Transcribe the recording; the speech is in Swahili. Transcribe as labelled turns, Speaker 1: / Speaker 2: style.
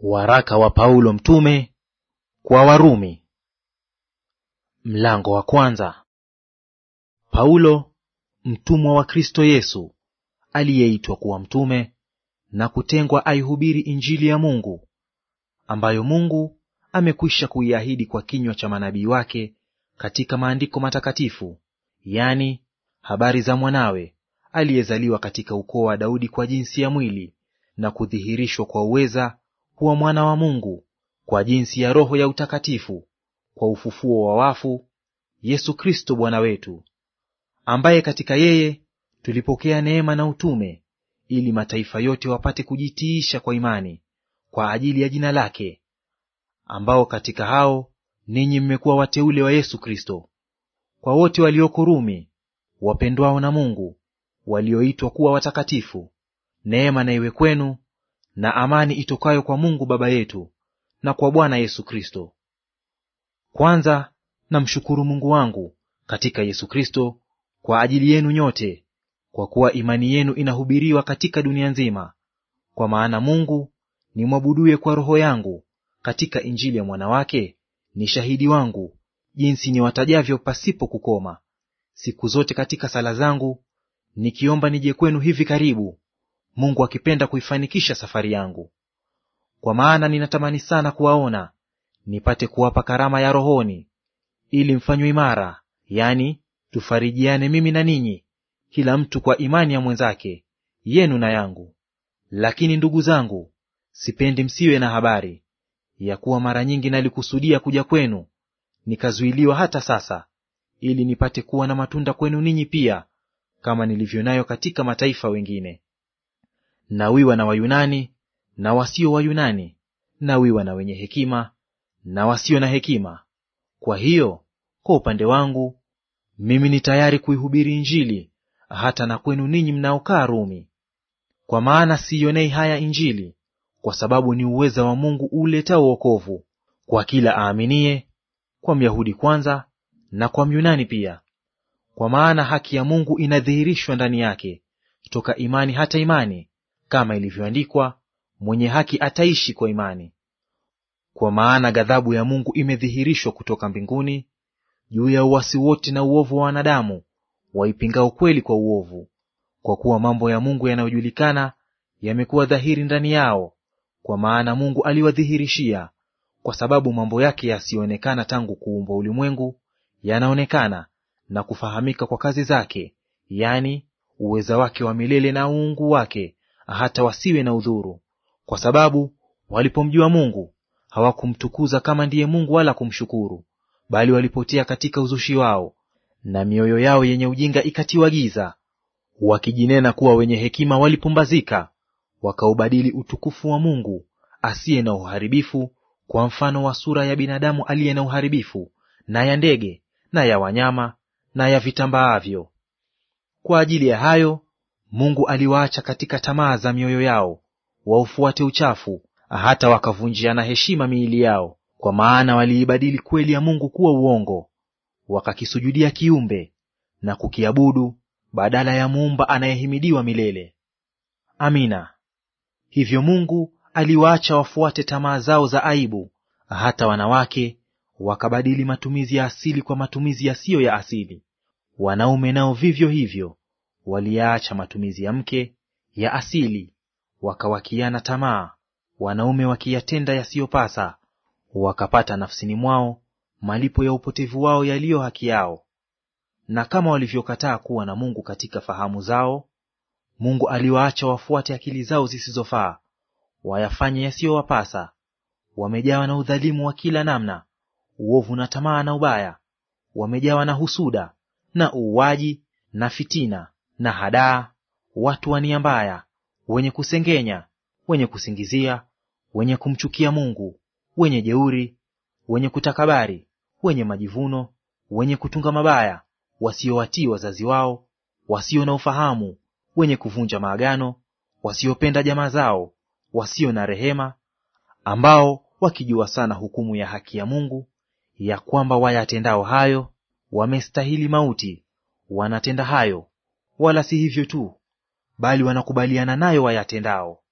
Speaker 1: Waraka wa Paulo mtume kwa Warumi, mlango wa kwanza. Paulo mtumwa wa Kristo Yesu, aliyeitwa kuwa mtume na kutengwa aihubiri injili ya Mungu, ambayo Mungu amekwisha kuiahidi kwa kinywa cha manabii wake katika maandiko matakatifu, yani habari za mwanawe aliyezaliwa katika ukoo wa Daudi kwa jinsi ya mwili na kudhihirishwa kwa uweza kuwa mwana wa Mungu kwa jinsi ya Roho ya utakatifu kwa ufufuo wa wafu, Yesu Kristo Bwana wetu, ambaye katika yeye tulipokea neema na utume, ili mataifa yote wapate kujitiisha kwa imani kwa ajili ya jina lake, ambao katika hao ninyi mmekuwa wateule wa Yesu Kristo. Kwa wote walioko Rumi, wapendwao na Mungu, walioitwa kuwa watakatifu, neema na iwe kwenu na amani itokayo kwa Mungu Baba yetu na kwa Bwana Yesu Kristo. Kwanza namshukuru Mungu wangu katika Yesu Kristo kwa ajili yenu nyote, kwa kuwa imani yenu inahubiriwa katika dunia nzima. Kwa maana Mungu nimwabuduye kwa roho yangu katika Injili ya mwana wake ni shahidi wangu, jinsi niwatajavyo pasipo kukoma, siku zote katika sala zangu nikiomba nije kwenu hivi karibu Mungu akipenda kuifanikisha safari yangu. Kwa maana ninatamani sana kuwaona, nipate kuwapa karama ya rohoni, ili mfanywe imara, yani tufarijiane mimi na ninyi, kila mtu kwa imani ya mwenzake, yenu na yangu. Lakini ndugu zangu, sipendi msiwe na habari ya kuwa mara nyingi nalikusudia kuja kwenu, nikazuiliwa hata sasa, ili nipate kuwa na matunda kwenu ninyi pia, kama nilivyo nayo katika mataifa wengine nawiwa na Wayunani na wasio Wayunani, na wiwa na wenye hekima na wasio na hekima. Kwa hiyo kwa upande wangu mimi ni tayari kuihubiri Injili hata na kwenu ninyi mnaokaa Rumi. Kwa maana siionei haya Injili, kwa sababu ni uweza wa Mungu uletao wokovu kwa kila aaminie kwa Myahudi kwanza na kwa Myunani pia. Kwa maana haki ya Mungu inadhihirishwa ndani yake, toka imani hata imani, kama ilivyoandikwa, mwenye haki ataishi kwa imani. Kwa maana ghadhabu ya Mungu imedhihirishwa kutoka mbinguni juu ya uasi wote na uovu wa wanadamu waipinga ukweli kwa uovu, kwa kuwa mambo ya Mungu yanayojulikana yamekuwa dhahiri ndani yao, kwa maana Mungu aliwadhihirishia. Kwa sababu mambo yake yasiyoonekana tangu kuumbwa ulimwengu yanaonekana na kufahamika kwa kazi zake, yaani uweza wake wa milele na uungu wake, hata wasiwe na udhuru, kwa sababu walipomjua Mungu hawakumtukuza kama ndiye Mungu wala kumshukuru, bali walipotea katika uzushi wao, na mioyo yao yenye ujinga ikatiwa giza. Wakijinena kuwa wenye hekima, walipumbazika, wakaubadili utukufu wa Mungu asiye na uharibifu kwa mfano wa sura ya binadamu aliye na uharibifu, na ya ndege, na ya wanyama, na ya vitambaavyo. Kwa ajili ya hayo Mungu aliwaacha katika tamaa za mioyo yao, waufuate uchafu, hata wakavunjiana heshima miili yao, kwa maana waliibadili kweli ya Mungu kuwa uongo, wakakisujudia kiumbe na kukiabudu badala ya muumba anayehimidiwa milele. Amina. Hivyo Mungu aliwaacha wafuate tamaa zao za aibu, hata wanawake wakabadili matumizi ya asili kwa matumizi yasiyo ya asili, wanaume nao vivyo hivyo waliyaacha matumizi ya mke ya asili, wakawakiana tamaa, wanaume wakiyatenda yasiyopasa, wakapata nafsini mwao malipo ya upotevu wao yaliyo haki yao. Na kama walivyokataa kuwa na Mungu katika fahamu zao, Mungu aliwaacha wafuate akili zao zisizofaa, wayafanye yasiyowapasa. Wamejawa na udhalimu wa kila namna, uovu na tamaa na ubaya, wamejawa na husuda na uuaji na fitina na hadaa, watu wa nia mbaya, wenye kusengenya, wenye kusingizia, wenye kumchukia Mungu, wenye jeuri, wenye kutakabari, wenye majivuno, wenye kutunga mabaya, wasiowatii wazazi wao, wasio na ufahamu, wenye kuvunja maagano, wasiopenda jamaa zao, wasio na rehema, ambao wakijua sana hukumu ya haki ya Mungu, ya kwamba wayatendao hayo wamestahili mauti, wanatenda hayo wala si hivyo tu, bali wanakubaliana nayo wayatendao.